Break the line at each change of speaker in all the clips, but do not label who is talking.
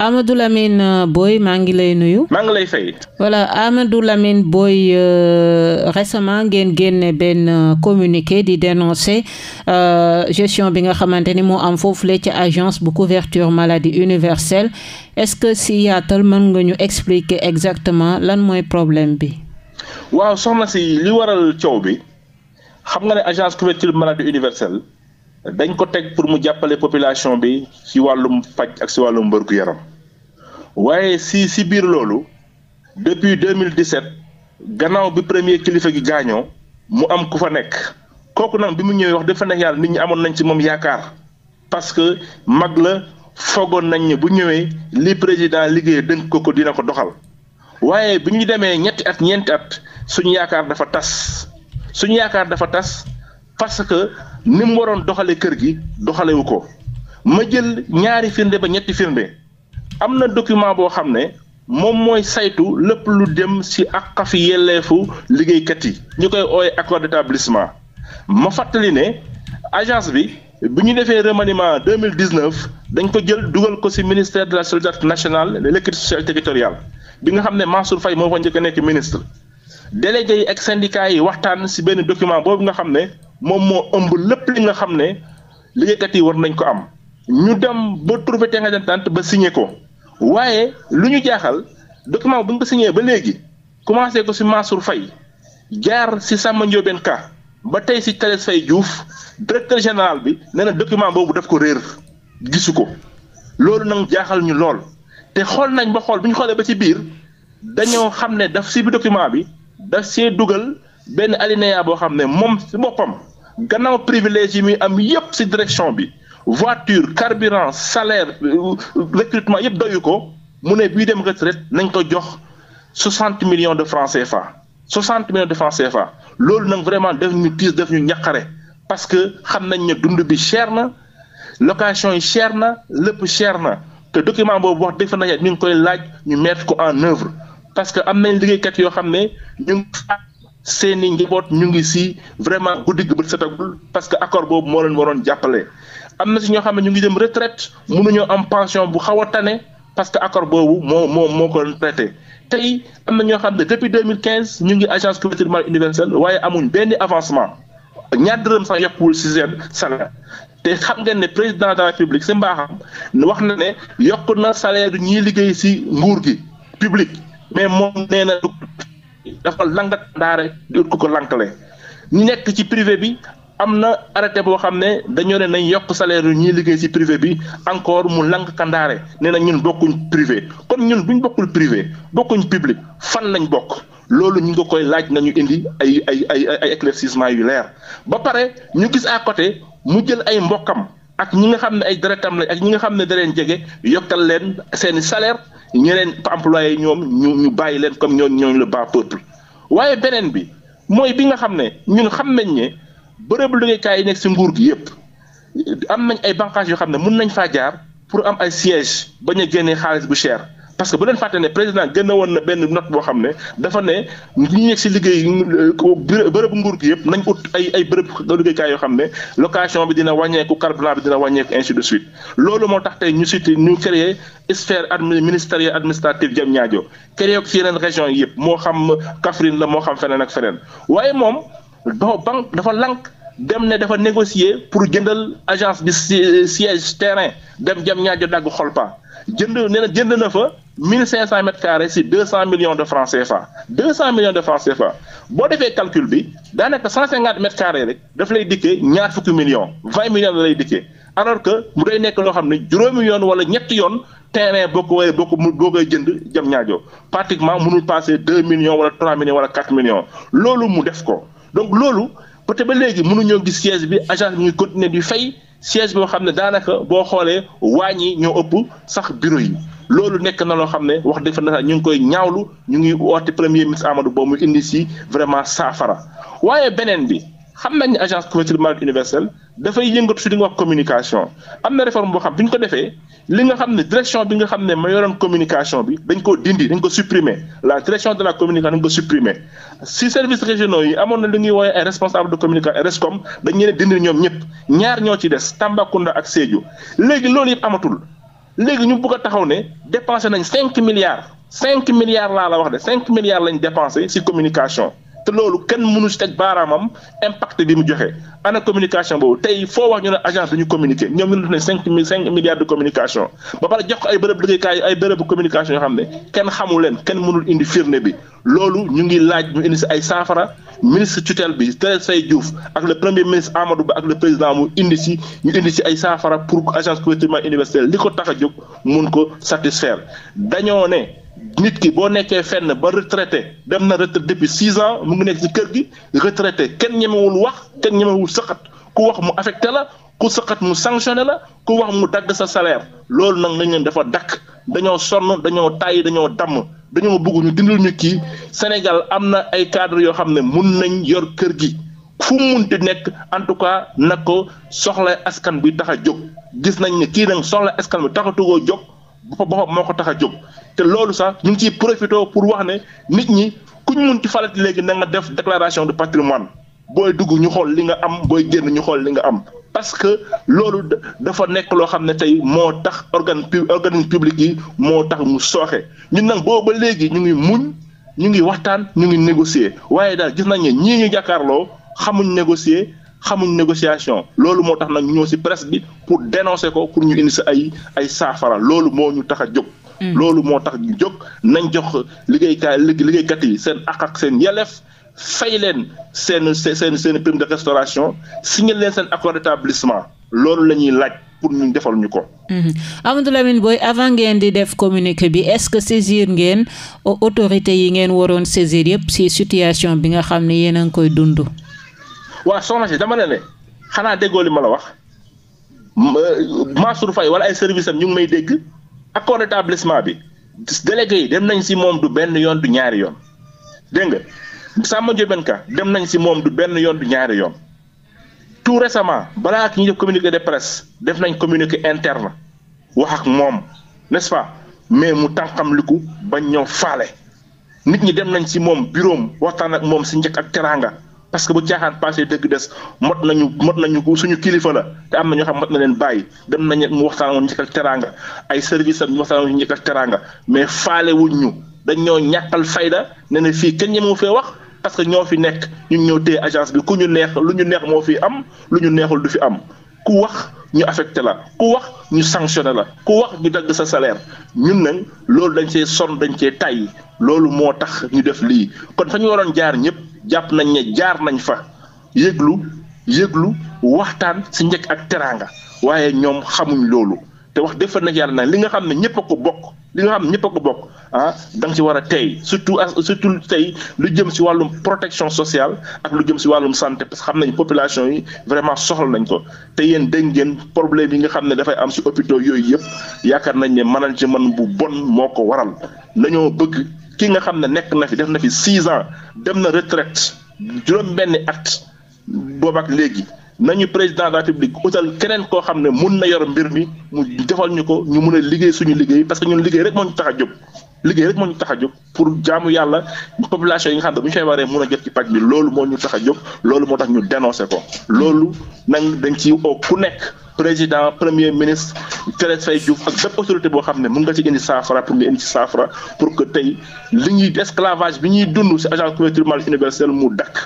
Amadou Lamine euh, booy maa ngi lay nuyu. maa ngi lay fay. voilà Amadou Lamine Boye euh, récemment ngeen génne benn euh, communiqué di dénoncer euh, gestion bi nga xamante ni moo am foofule ci agence bu couverture maladie universelle est-ce que si yaatal mën nga ñu expliquer exactement lan mooy problème bi.
waaw soxna si li waral coow bi xam nga ne agence couverture maladie universelle. dañ ko teg pour mu jàppale population bi ci wàllum faj ak ci wàllum wërgu yaram waaye si si biir loolu depuis 2017 gannaaw bi premier kilifa gi gaañoo mu am ku fa nekk kooku nag bi mu ñëwee wax dafa nekk yàlla nit ñi amoon nañ ci moom yaakaar parce que mag la foogoon nañ ne bu ñëwee li président liggéey dënk ko ko dina ko doxal waaye bi ñu demee ñetti at ñeenti at suñu yaakaar dafa tas suñu yaakaar dafa tas parce que ni mu waroon doxalee kër gi doxalewu ko ma jël ñaari firnde ba ñetti firnde am na document boo xam ne moom mooy saytu lépp lu dem ci ak fi yelleefu liggéeykat yi ñu koy ooye accord d'établissement ma fàttali ne agence bi bi ñu defee remaniement 2019 dañ ko jël dugal ko ci ministère de la solidarité nationale de l'équité sociale territoriale bi nga xam ne Mansour Faye moo fa njëkk a nekk ministre délégué yi ak syndicat yi waxtaan ci benn document boobu nga xam ne moom moo ëmb lépp li nga xam ne liggéeykat yi war nañ ko am ñu dem ba trouver terrain d'entente ba signé ko waaye lu ñu jaaxal document bu ñu ko signé ba léegi commencé ko ci Mansour fay jaar ci Samba Ndiobène Ka ba tey ci Thérèse Faye Diouf directeur général bi nee na boobu daf ko réer gisu ko loolu nag jaaxal ñu lool te xool nañ ba xool bu ñu xoolee ba ci biir dañoo xam ne daf ci bi bi daf see dugal benn alinéa boo xam ne moom ci boppam gannaaw privilège yi muy am yëpp ci direction bi voiture carburant salaire euh, recrutement yëpp doyu ko mu ne bii dem retraite nañ ko jox soixante millions de francs fa soixante millions de francs fa loolu nag vraiment def ñu tiis def ñu ñaqare parce que xam nañ ne dund bi cher na location yi chair na lépp cher na te document boobu wax dëgg fa ñu ngi koy laaj ñu mettre ko en œuvre parce que am nañ liggéeykat yoo xam ne ñu seeni njaboot ñu ngi si vraiment guddi gi bët setagul parce que accord boobu moo leen waroon jàppale am na si ñoo xam ne ñu ngi dem retraite mënuñoo am pension bu xaw a tane parce que accord boobu moo moo moo ko traité tey am na ñoo xam ne depuis 2015 ñu ngi agence couverture universelle waaye amuñ benn avancement ñaar dërëm sax yokkuwul si seen salaire te xam ngeen ne président de la république si mbaaxam wax na ne yokk na salaire ñiy liggéey si nguur gi public mais moom nee na dafa langat daara di ut ku ko lankale ñu nekk ci privé bi am na arrêté boo xam ne dañoo ne nañ yokk salaire yu ñuy liggéey ci privé bi encore mu lank kandaare nee na ñun bokkuñ privé kon ñun buñ bokkul privé bokkuñ public fan lañ bokk loolu ñu ngi koy laaj nañu indi ay ay ay ay éclaircissement yu leer ba pare ñu gis à côté mu jël ay mbokkam ak ñi nga xam ne ay deretam lañ ak ñi nga xam ne da leen jege yokkal leen seeni salaire ñeneen employé ñoom ñu ñu bàyyi leen comme ñooñu ñooñu le bas peuple waaye beneen bi mooy bi nga xam ne ñun xam nañ ne bërëb liggéeykaay yi nekk ci nguur gi yépp am nañ ay banquages yoo xam ne mun nañ faa jaar pour am ay siège bañ a génnee xaalis bu cher parce que bu leen fàtte ne président génne woon na benn note boo xam ne dafa ne ñu nekk si liggéey bërëb nguur gi yëpp nañ ut ay ay bërëb liggéeykaay yoo xam ne location bi dina wàññeeku carburant bi dina wàññeeku ainsi de suite loolu moo tax tey ñu cité ñu créé sphère ministérielle administrative jëm ñaajo créé ko ci yeneen région yi yëpp moo xam Kaffrine la moo xam feneen ak feneen waaye moom doo banque dafa lank dem ne dafa négocier pour jëndal agence bi euh, siège terrain dem jam ñaajo dagg pa jënd nee na jënd na fa mille cinq cent mètres carrés si deux cent million de francs CFA deux cent millions de francs CFA boo defee calcul bi daanaka cent cinquante mètres rek daf lay dikkee ñaar fukki millions vingt millions la lay dikkee alors que mu day nekk loo xam ne juróomi yoon wala ñetti yoon terrain boo ko bokk mu ko boo koy jënd jam ñaajoo pratiquement mënul passer deux millions wala trois millions wala quatre millions loolu mu def ko peut ba léegi mënuñoo gis siège bi agence bi ñu continuer bi fay siège boo xam ne daanaka boo xoolee wàññi ñoo ëpp sax bureau yi loolu nekk na loo xam ne wax dëgg fa na ñu ngi koy ñaawlu ñu ngi woote premier ministre Amadou Ba mu indi si vraiment saafara waaye beneen bi. xam nañ ne agence couverture marque universelle nga wax communication am na réforme boo xam bu ñu ko defee li nga xam ne direction bi nga xam ne ma yoroon communication bi dañ ko dindi dañ ko supprimer la direction de la communication dañ ko supprimer si services régionaux yi amoon na lu ñuy woowee ay responsable de communication RESCOM dañ leen dindi ñoom ñëpp ñaar ñoo ci des Tambacounda ak Sédhiou léegi loolu yëpp amatul léegi ñu bëgg taxaw ne dépensé nañ cinq milliards cinq milliards laa la wax de cinq milliards lañ dépensé si communication te loolu kenn mënul si teg baaraamam impact bi mu joxe ana communication boobu tey foo wax ñu ne agence dañu communiquer ñoom ñu ne def ne cinq mille cinq milliards de communication ba pare jox ko ay bërëb liggéeykaay ay bërëbu communication yoo xam ne kenn xamu leen kenn mënul indi firnde bi loolu ñu ngi laaj ñu indi si ay saafara ministre tutelle bi Thérèse Faye Diouf ak le premier ministre Amadou Ba ak le président mu indi si ñu indi si ay saafara pour agence couverture maladie universelle li ko tax a mun ko satisfaire dañoo ne. nit ki boo nekkee fenn ba retraité dem na retraité depuis six ans mu ngi nekk ci kër gi retraité kenn ñemewul wax kenn ñemewul sëqat ku wax mu affecté la ku sëqat mu sanctionné la ku wax mu dagg sa salaire loolu nag nañ leen dafa dakk dañoo sonn dañoo tàyyi dañoo damm dañoo bëgg ñu dindil ñu kii Sénégal am na ay cadre yoo xam ne mun nañ yor kër gi fu mun munti nekk en tout cas na ko soxla askan bi tax a jóg gis nañ ne kii nag soxla askan bi taxatu koo jóg. boppam moo ko tax a jóg te loolu sax ñu ngi ciy profité pour wax ne nit ñi ku ñu mun ci falati léegi na nga def déclaration de patrimoine booy dugg ñu xool li nga am booy génn ñu xool li nga am parce que loolu dafa nekk loo xam ne tey moo tax organe organisme public yi moo tax mu sooxee ñun nag booba léegi ñu ngi muñ ñu ngi waxtaan ñu ngi négocier waaye daal gis nañu ñii ñu jàkkaarloo xamuñ négocier xamuñ négociation loolu moo tax nag ñëw si presque bi pour dénoncer ko pour ñu indi sa ay ay saafara loolu moo ñu tax a jóg. Mm. loolu moo tax ñu jóg nañ jox liggéeykaay liggéeykat yi seen àq ak seen yelleef fay leen seen seen seen prime de restauration signé leen seen accord d'établissement loolu la ñuy laaj pour ñu defaluñu ko.
Mm-hmm. Amadou Lamine Boye avant ngeen di def communiqué bi est-ce que saisir ngeen autorité yi ngeen waroon saisir yëpp si situation bi nga xam ne yéen a ngi koy dund.
waa soxna si dama ne ne xanaa déggoo li ma la wax euh, Mansour Faye wala ay service am ñu ngi may dégg accord d'établissement bi délégué yi dem nañ si moom du benn yoon du ñaari yoon dégg nga Samba Ndiobène Ka dem nañ si moom du benn yoon du ñaari yoon tout récemment balaa ak ñu def communiqué de presse def nañ communiqué interne wax ak moom nest pas mais mu tànqamliku bañ ñëw faale nit ñi dem nañ si moom buroom waxtaan ak moom si njëkk ak teraanga. parce que bu caaxaan passé dëgg des mot nañu mot nañu suñu kilifa la te am na ñoo xam mot na leen bàyyi dem nañu mu waxtaan woon njëkk ak teraanga ay service am ñu waxtaan woon njëkk ak teraanga mais faale wuñ ñu dañ ñoo ñàkkal fayda ne ne fii kenn ñemoo fee wax parce que ñoo fi nekk ñu ñëw téye agence bi ku ñu neex lu ñu neex moo fi am lu ñu neexul du fi am ku wax ñu affecté la ku wax ñu sanctionné la ku wax ñu dagg sa salaire ñun nag loolu dañ see sonn dañ cee tàyyi loolu moo tax ñu def lii kon fa ñu waroon jaar ñëpp. jàpp nañ ne jaar nañ fa yëglu yëglu waxtaan si njëkk ak teraanga waaye ñoom xamuñ loolu te wax defa nag yàlla nag li nga xam ne ñëpp a ko bokk li nga xam ne ñëpp a ko bokk ah danga nga si war a tey surtout surtout tey lu jëm si wàllum protection sociale ak lu jëm si wàllum santé parce que xam nañ population yi vraiment soxla nañ ko te yéen dégg ngeen problème yi nga xam ne dafay am si hôpitaux yooyu yëpp yaakaar nañ ne management bu bon moo ko waral nañoo bëgg. ki nga xam ne nekk na fi def na fi six ans dem na retraite juróom-benni at boobaak léegi na nañu président de la république utal keneen koo xam ne mun na yor mbir mi mu defal ñu ko ñu mun a liggéey suñu liggéey parce que ñun liggéey rek moo ñu tax a jóg liggéey rek moo ñu tax a jóg pour jaamu yàlla population yi nga xam ne bu ñu feebaree mun a jot ci paj bi loolu moo ñu tax a jóg loolu moo tax ñu dénoncé ko loolu nag dañ ci oo ku nekk président premier ministre Thérèse Faye Diouf ak bépp autorité boo xam ne mën nga ci indi saafara pour nga indi ci saafara pour que tey li ñuy esclavage bi ñuy dund ci agence couverture maladie universelle mu dakk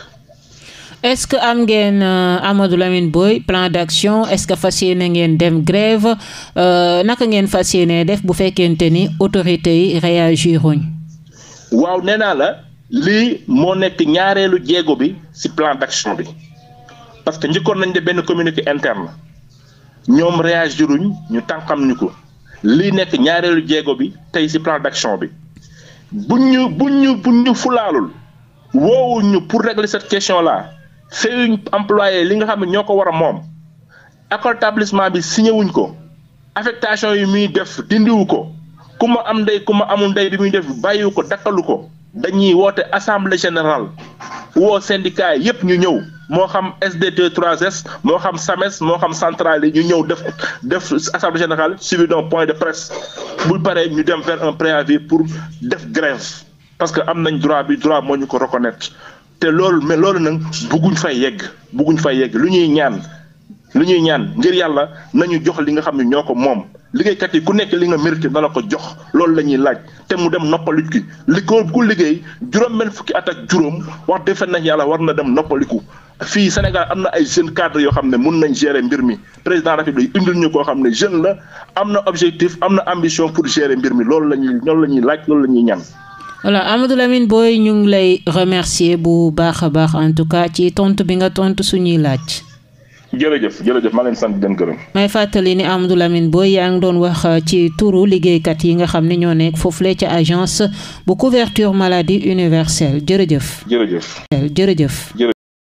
est-ce que am ngeen euh, Amadou Lamine booy plan d'action est-ce que fas yéene ngeen dem grève euh, naka ngeen fas yéene def bu fekkente ni autorités yi réagiruñ
waaw nee naa la lii moo nekk ñaareelu jéego bi ci plan d'action bi parce que njëkkoon nañ de benn communiqué interne ñoom réagiruñ ñu tànkam ko lii nekk ñaareelu jéego bi tey ci plan d'action bi buñ ñu buñ ñu buñ ñu fulaalul woowuñ ñu pour régler cette question la feyuñ employé li nga xam ne ñoo ko war a moom accoltablissement bi signé wuñ ko affectation yi muy def dindiwu ko ku ma am ndey ku ma amul ndey bi muy def bàyyiwu ko dakkalu ko dañuy woote assemblée générale woo syndicat yépp ñu ñëw moo xam SDT trois s moo xam SAMES moo xam centrale yi ñu ñëw def def assemblée générale suivi d'un point de presse bu paree ñu dem vers un préavis pour def grève parce que am nañ droit bi droit moo ñu ko reconnaître te loolu mais loolu nag bëgguñ fay yegg bëgguñ fay yegg lu ñuy ñaan. lu ñuy ñaan ngir yàlla na ñu jox li nga xam ne ñoo ko moom liggéeykat yi ku nekk li nga mérité na la ko jox loolu la ñuy laaj te mu dem noppaliku li ko liggéey juróom benn fukki at ak juróom wax defe nañ yàlla war na dem noppaliku fii Sénégal am na ay jeunes cadres yoo xam ne mun nañ gérer mbir mi président République indil ñu koo xam ne jeune la am na objectif am na ambition pour gérer mbir mi loolu la ñuy loolu la ñuy laaj loolu la ñuy ñaan.
voilà Amadou Lamine Boye ñu ngi lay remercier bu baax a baax en tout cas ci nga tontu suñuy laaj.
jërëjëf jërëjëf maa leen sant
may fàttali ni Amadou Lamine Boye yaa ngi doon wax uh, ci turu liggéeykat yi nga xam ne ñoo nekk foofu foofule ci agence bu couverture maladie universelle jërëjëf. jërëjëf jërëjëf.